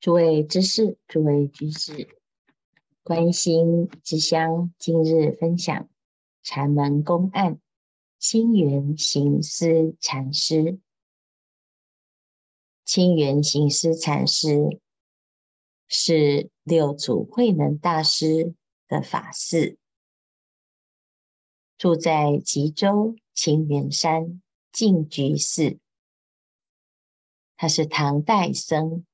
諸位知事，諸位居士，觀心一支香，今日分享禪門公案。青原行思禪師，青原行思禪師是六祖慧能大師的法嗣，住在吉州青原山靜居寺。他是唐代僧。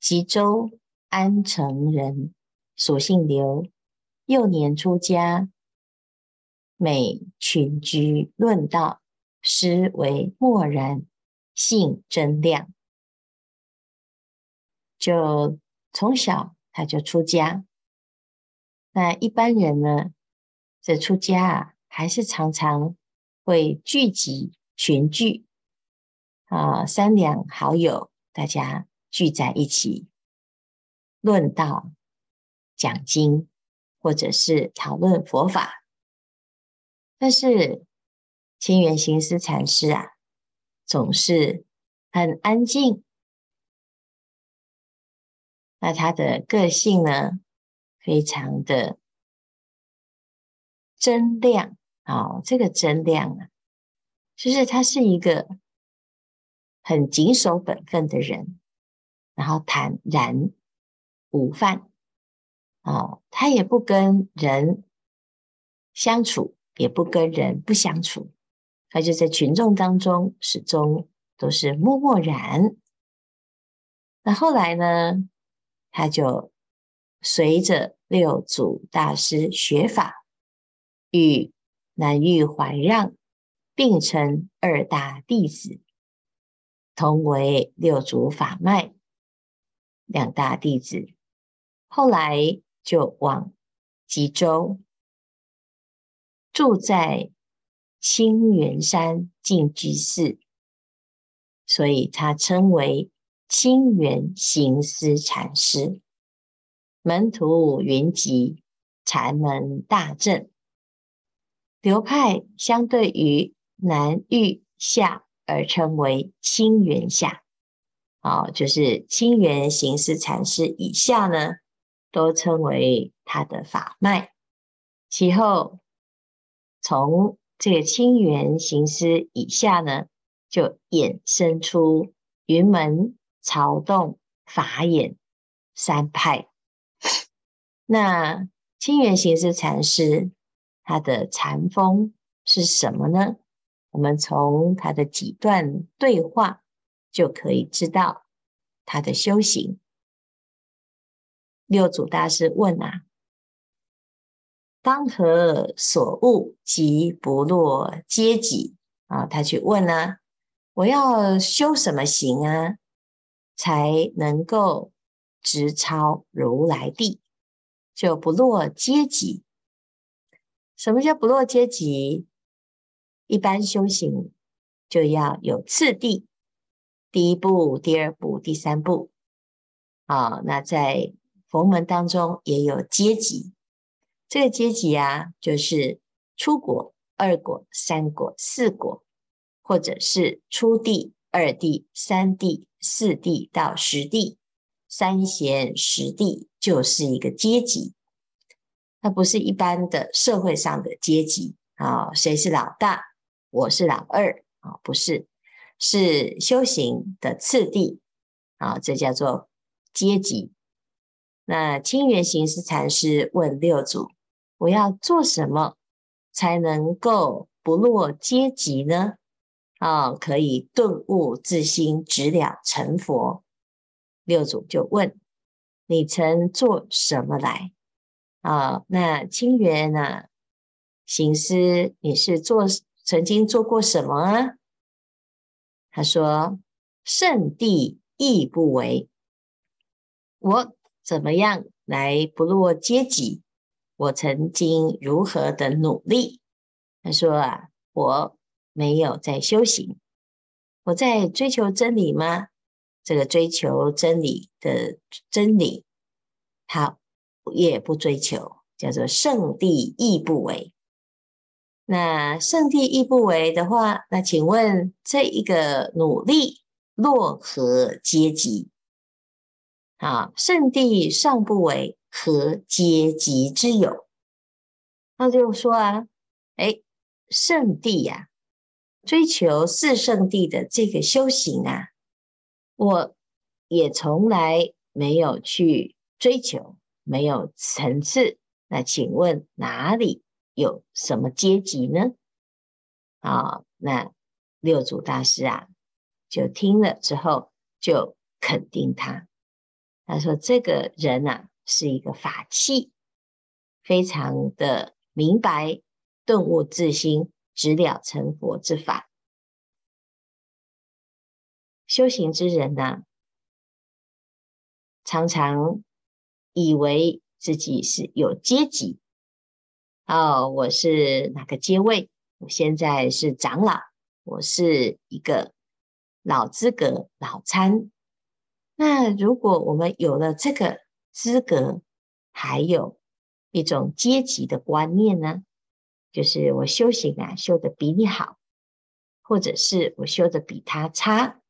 吉州安城人，俗姓劉，幼年出家，每群居論道，師為默然，性貞諒。就從小他就出家。那一般人呢，這出家啊，還是常常會聚集群聚啊，三兩好友，大家。聚在一起論道、講經，或者是討論佛法，但是青原行思禪師啊，總是很安靜。那他的個性呢，非常的貞諒。好，這個貞諒啊，就是他是一個很謹守本分的人。然後坦然無犯，哦，他也不跟人相處，也不跟人不相處，他就在群眾當中始終都是默默然。那後來呢，他就隨着六祖大師學法，與南嶽懷讓並稱二大弟子，同為六祖法脈。兩大弟子，後來就往吉州，住在青原山靜居寺，所以他稱為青原行思禪師，門徒雲集，禪門大振，流派相對於南嶽下而稱為青原下。啊、哦，就是青原行思禪師以下呢，都稱為他的法脈。其後，從這個青原行思以下呢，就衍生出雲門、曹洞、法眼三派。那青原行思禪師他的禪風是什麼呢？我們從他的幾段對話。就可以知道他的修行。六祖大師問啊：“當何所務即不落階級？”啊，他去問啊：“我要修什麼行啊，才能夠直超如來地，就不落階級？”什麼叫不落階級？一般修行就要有次第。第一步、第二步、第三步，啊，那在佛門當中也有階級。這個階級啊，就是初果、二果、三果、四果，或者是初地、二地、三地、四地到十地，三賢十地就是一個階級。它不是一般的社會上的階級啊，誰是老大，我是老二啊，不是。是修行的次第啊，這叫做階級。那青原行思禪師問六祖：“我要做什麼才能夠不落階級呢？啊、哦，可以頓悟自心，直了成佛。”六祖就問：“你曾做什麼來？”啊、哦，那青原啊，行思，你是做曾經做過什麼啊？他說：“聖諦亦不為，我怎麼樣來不落階級？我曾經如何的努力？他說啊，我沒有在修行，我在追求真理嗎？這個追求真理的真理，他也不追求，叫做聖諦亦不為。”那聖諦亦不為的話，那請問這一個努力落何階級？啊，聖諦尚不為，何階級之有？那就說啊，哎，聖諦呀、啊，追求四聖諦的這個修行啊，我也從來沒有去追求，沒有層次。那請問哪裡？有什麼階級呢？啊、哦，那六祖大師啊，就聽了之後就肯定他，他說這個人啊是一個法器，非常的明白頓悟自心直了成佛之法。修行之人呢、啊，常常以為自己是有階級。哦，我是哪個階位？我現在是長老，我是一個老資格老參。那如果我們有了這個資格，還有一種階級的觀念呢，就是我修行啊修得比你好，或者是我修得比他差，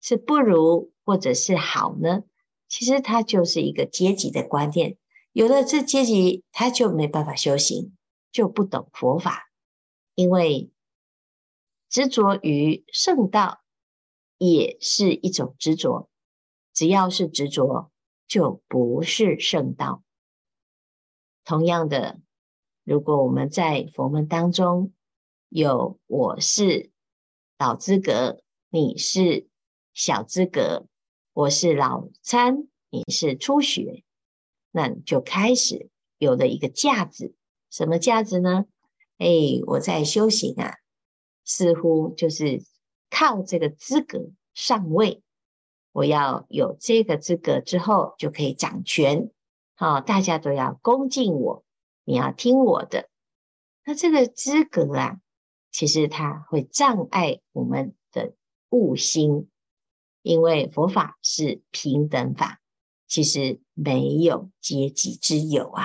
是不如或者是好呢？其實它就是一個階級的觀念。有了這階級，他就沒辦法修行，就不懂佛法，因為執着於聖道也是一種執着。只要是執着，就不是聖道。同樣的，如果我們在佛門當中有我是老資格，你是小資格；我是老參，你是初學。那你就開始有了一個價值，什麼價值呢？哎，我在修行啊，似乎就是靠這個資格上位。我要有這個資格之後，就可以掌權，好，大家都要恭敬我，你要聽我的。那這個資格啊，其實它會障礙我們的悟心，因為佛法是平等法。其實沒有階級之有啊，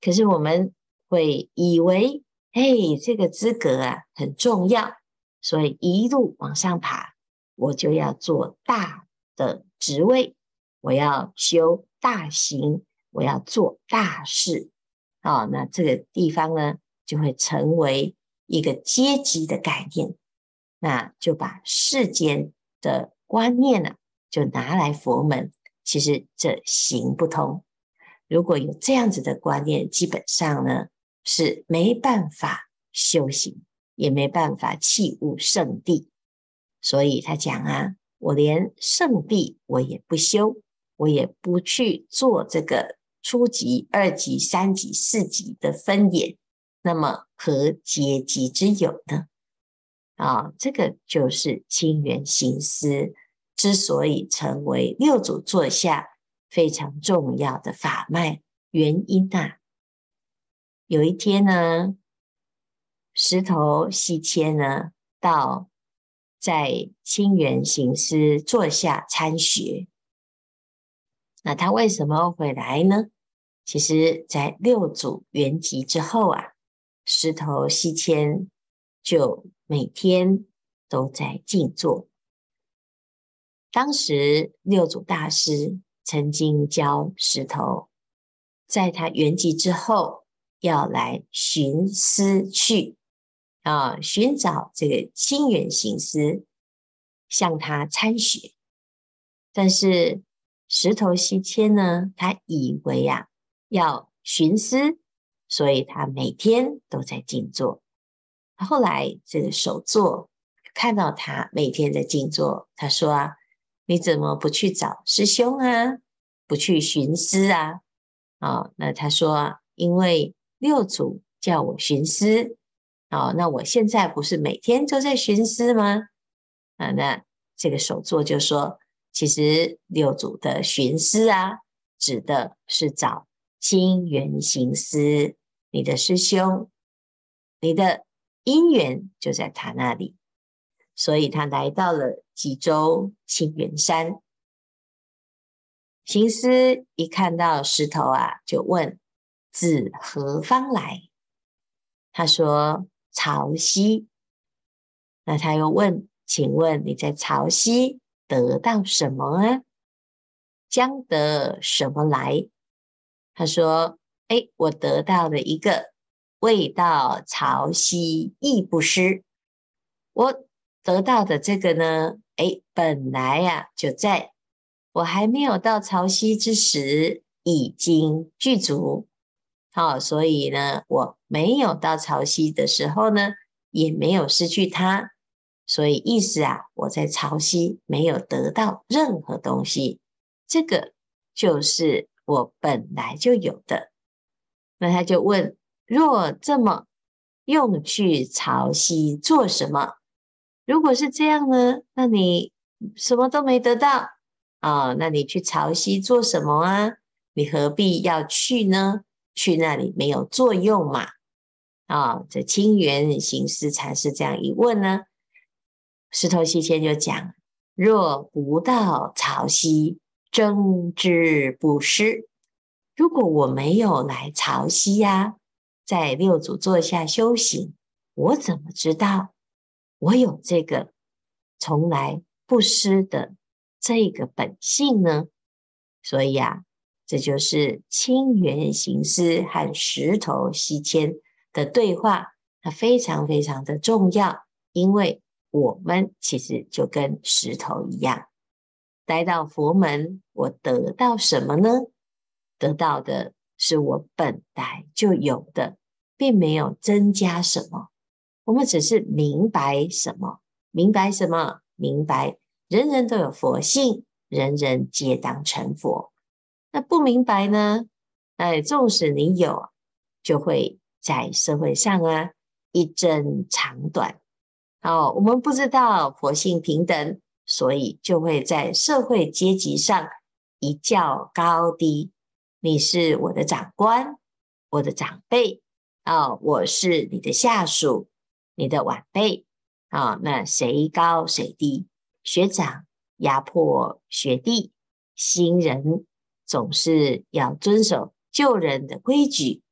可是我們會以為，誒，這個資格啊很重要，所以一路往上爬，我就要做大的職位，我要修大行，我要做大事啊，哦，那這個地方呢，就會成為一個階級的概念，那就把世間的觀念啊，就拿來佛門。其實這行不通。如果有這樣子的觀念，基本上呢是沒辦法修行，也沒辦法契悟聖諦。所以他講啊，我連聖諦我也不修，我也不去做這個初級、二級、三級、四級的分野，那麼何階級之有呢？啊、哦，這個就是青原行思。之所以成為六祖座下非常重要的法脈原因啊，有一天呢，石頭希遷呢到在青原行思座下參學。那他為什麼會來呢？其實，在六祖圓寂之後啊，石頭希遷就每天都在靜坐。當時六祖大師曾經教石頭，在他圓寂之後要來尋思去，啊，尋找這個青原行思，向他參學。但是石頭希遷呢，他以為啊要尋思，所以他每天都在靜坐。後來這個首座看到他每天在靜坐，他說。啊。你怎麼不去找師兄啊？不去尋思啊？啊、哦，那他說，因為六祖叫我尋思，哦，那我現在不是每天都在尋思嗎？啊，那這個首座就說，其實六祖的尋思啊，指的是找青原行思，你的師兄，你的因緣就在他那裡。所以他來到了吉州青原山。行思一看到石頭啊，就問：“自何方來？”他說：“曹溪。”那他又問：“請問你在曹溪得到什麼啊？將得什麼來？”他說：“誒，我得到了一個味道，未到曹溪亦不失我。”得到的這個呢，誒，本來呀、啊、就在我還沒有到曹溪之時已經具足，好、哦，所以呢，我沒有到曹溪的時候呢，也沒有失去它，所以意思啊，我在曹溪沒有得到任何東西，這個就是我本來就有的。那他就問：若這麼用去曹溪做什麼？如果是這樣呢？那你什麼都沒得到啊、哦？那你去曹谿做什麼啊？你何必要去呢？去那裡沒有作用嘛？啊、哦，這青原行思禪師這樣一問呢、啊，石頭希遷就講：若不到曹谿，爭知不失？如果我沒有來曹谿呀、啊，在六祖座下修行，我怎麼知道？我有這個從來不失的這個本性呢，所以啊，這就是青原行思和石頭希遷的對話，它非常非常的重要，因為我們其實就跟石頭一樣，來到佛門，我得到什麼呢？得到的是我本來就有的，並沒有增加什麼。我們只是明白什麼？明白什麼？明白人人都有佛性，人人皆當成佛。那不明白呢？哎，縱使你有，就會在社會上啊一爭長短。哦，我們不知道佛性平等，所以就會在社會階級上一較高低。你是我的長官，我的長輩，哦，我是你的下屬，你的晚輩啊，那誰高誰低？學長壓迫學弟，新人總是要遵守舊人的規矩。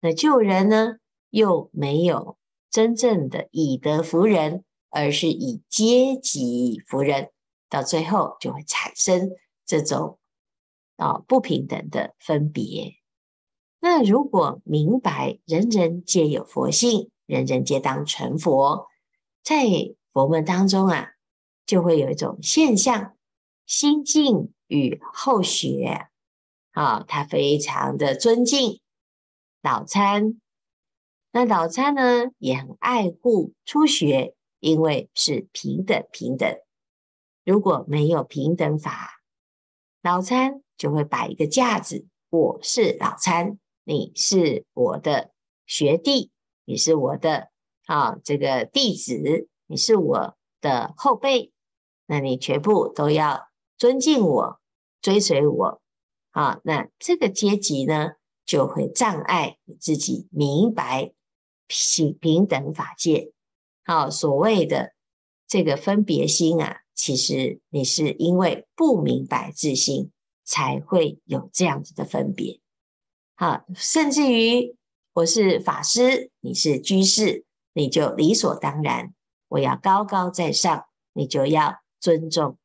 那舊人呢，又沒有真正的以德服人，而是以階級服人，到最後就會產生這種啊不平等的分別。那如果明白人人皆有佛性。人人皆當成佛，在佛門當中啊，就會有一種現象：心境與後學。啊、哦，他非常的尊敬老參。那老參呢，也很愛護初學，因為是平等平等。如果沒有平等法，老參就會擺一個架子：我是老參，你是我的學弟。你是我的啊、哦，這個弟子，你是我的後輩，那你全部都要尊敬我，追隨我啊、哦。那這個階級呢，就會障礙你自己明白平平等法界。啊、哦，所謂的這個分別心啊，其實你是因為不明白自心，才會有這樣子的分別。啊、哦，甚至於。我是法師，你是居士，你就理所當然。我要高高在上，你就要尊重。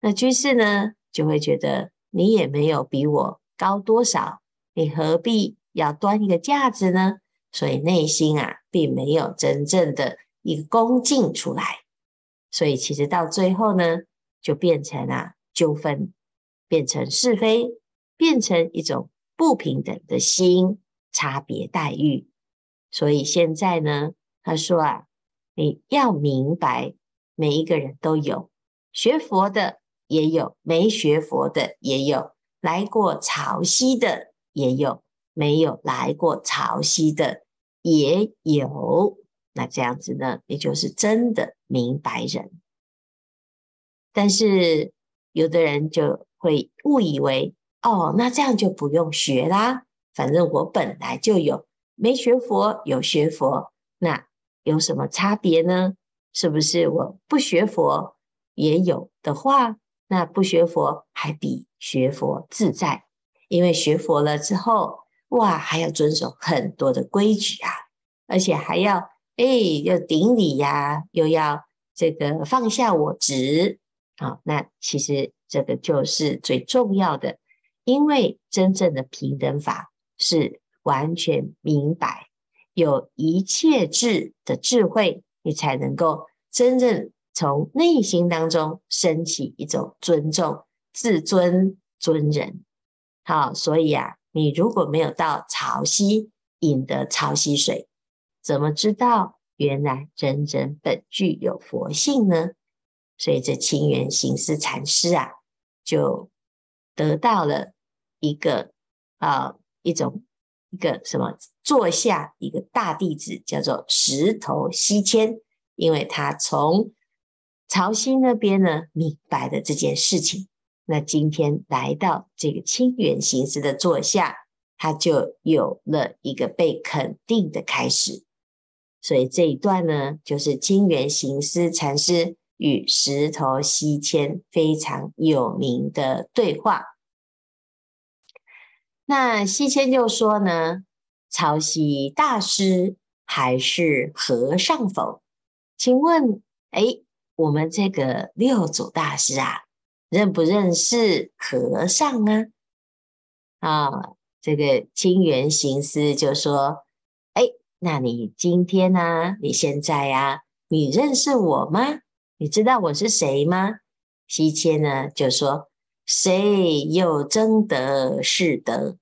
那居士呢，就會覺得你也沒有比我高多少，你何必要端一個架子呢？所以內心啊，並沒有真正的一個恭敬出來。所以其實到最後呢，就變成了啊，糾紛，變成是非，變成一種不平等的心。差別待遇，所以現在呢，他說啊，你要明白，每一個人都有，學佛的也有，沒學佛的也有，來過曹谿的也有，沒有來過曹谿的也有，那這樣子呢，你就是真的明白人。但是有的人就會誤以為，哦，那這樣就不用學啦。反正我本來就有，沒學佛有學佛，那有什麼差別呢？是不是我不學佛也有的話，那不學佛還比學佛自在？因為學佛了之後，哇，還要遵守很多的規矩啊，而且還要哎，要頂禮呀、啊，又要這個放下我執啊、哦。那其實這個就是最重要的，因為真正的平等法。是完全明白，有一切智的智慧，你才能夠真正從內心當中升起一種尊重、自尊、尊人。好，所以啊，你如果沒有到曹溪飲得曹溪水，怎麼知道原來人人本具有佛性呢？所以這青原行思禪師啊，就得到了一個啊。一種一個什麼座下一個大弟子叫做石頭希遷，因為他從曹溪那邊呢，明白了這件事情，那今天來到這個青原行思的座下，他就有了一個被肯定的開始。所以這一段呢，就是青原行思禪師與石頭希遷非常有名的對話。那西遷就說呢：“曹溪大師還識和尚否？”請問，誒，我們這個六祖大師啊，認不認識和尚啊？啊、哦，這個青原行思就說：“誒，那你今天呢、啊？你現在呀、啊，你認識我嗎？你知道我是誰嗎？”西遷呢就說。誰又真的是的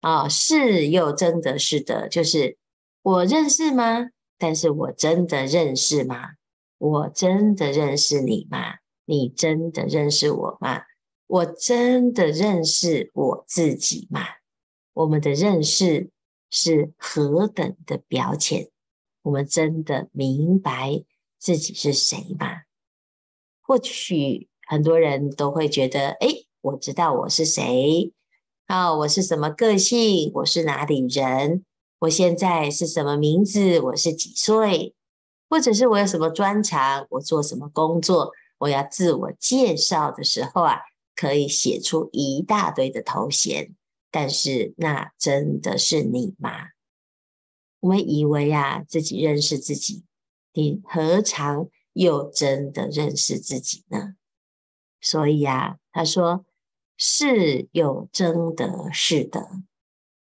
啊、哦？是又真的是的，就是我認識嗎？但是我真的認識嗎？我真的認識你嗎？你真的認識我嗎？我真的認識我自己嗎？我們的認識是何等的表淺？我們真的明白自己是誰嗎？或許。很多人都會覺得，誒，我知道我是誰，啊、哦，我是什麼個性，我是哪裡人，我現在是什麼名字，我是幾歲，或者是我有什麼專長，我做什麼工作，我要自我介紹的時候啊，可以寫出一大堆的頭銜。但是那真的是你嗎？我們以為啊，自己認識自己，你何嘗又真的認識自己呢？所以啊，他說是有爭得是的。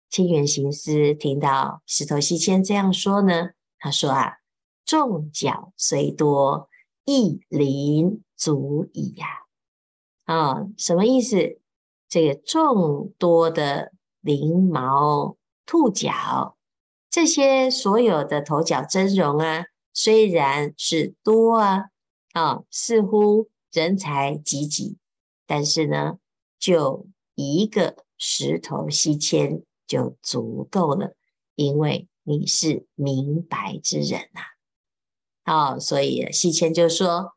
青原行思聽到石頭希遷這樣說呢，他說啊，眾角雖多，一麟足矣呀、啊。啊、哦，什麼意思？這個眾多的翎毛兔角，這些所有的頭角崢嶸啊，雖然是多啊，啊、哦，似乎。人才濟濟，但是呢，就一個石頭希遷就足夠了，因為你是明白之人吶、啊。哦，所以希遷就說：“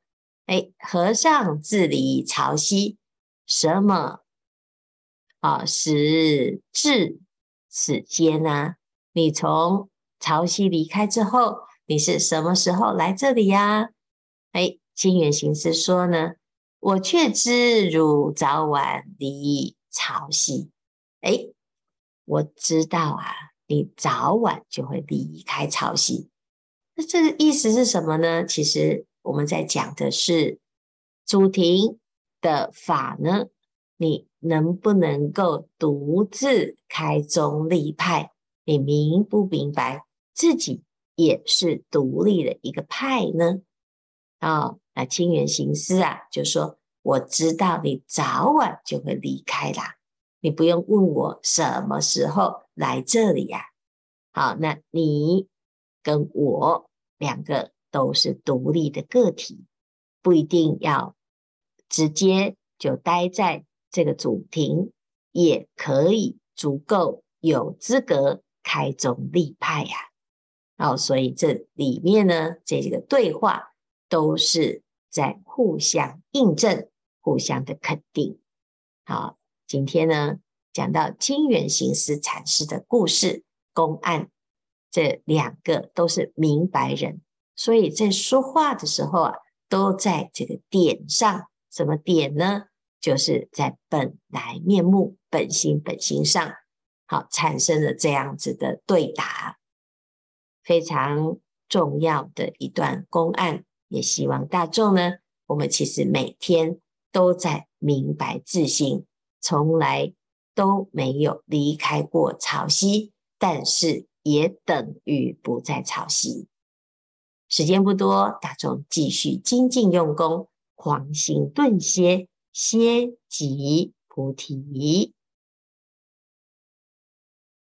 哎，和尚自離曹谿，什麼啊、哦？時至此間吶、啊？你從曹谿離開之後，你是什麼時候來這裡呀、啊？哎。”青原行思說呢，我卻知汝早晚離曹溪。哎，我知道啊，你早晚就會離開曹溪。那這個意思是什麼呢？其實我們在講的是祖庭的法呢。你能不能夠獨自開宗立派？你明不明白自己也是獨立的一個派呢？啊、哦？那青原行思啊，就說我知道你早晚就會離開啦，你不用問我什麼時候來這裡呀、啊。好，那你跟我兩個都是獨立的個體，不一定要直接就待在這個祖庭，也可以足夠有資格開宗立派呀、啊。好，所以這裡面呢，這幾個對話都是。在互相印證，互相的肯定。好，今天呢講到青原行思禪師的故事公案，這兩個都是明白人，所以在說話的時候啊，都在這個點上。什麼點呢？就是在本來面目、本心、本性上。好，產生了這樣子的對答，非常重要的一段公案。也希望大眾呢，我們其實每天都在明白自性，從來都沒有離開過曹谿，但是也等於不在曹谿。時間不多，大眾繼續精進用功，狂心頓歇，歇即菩提。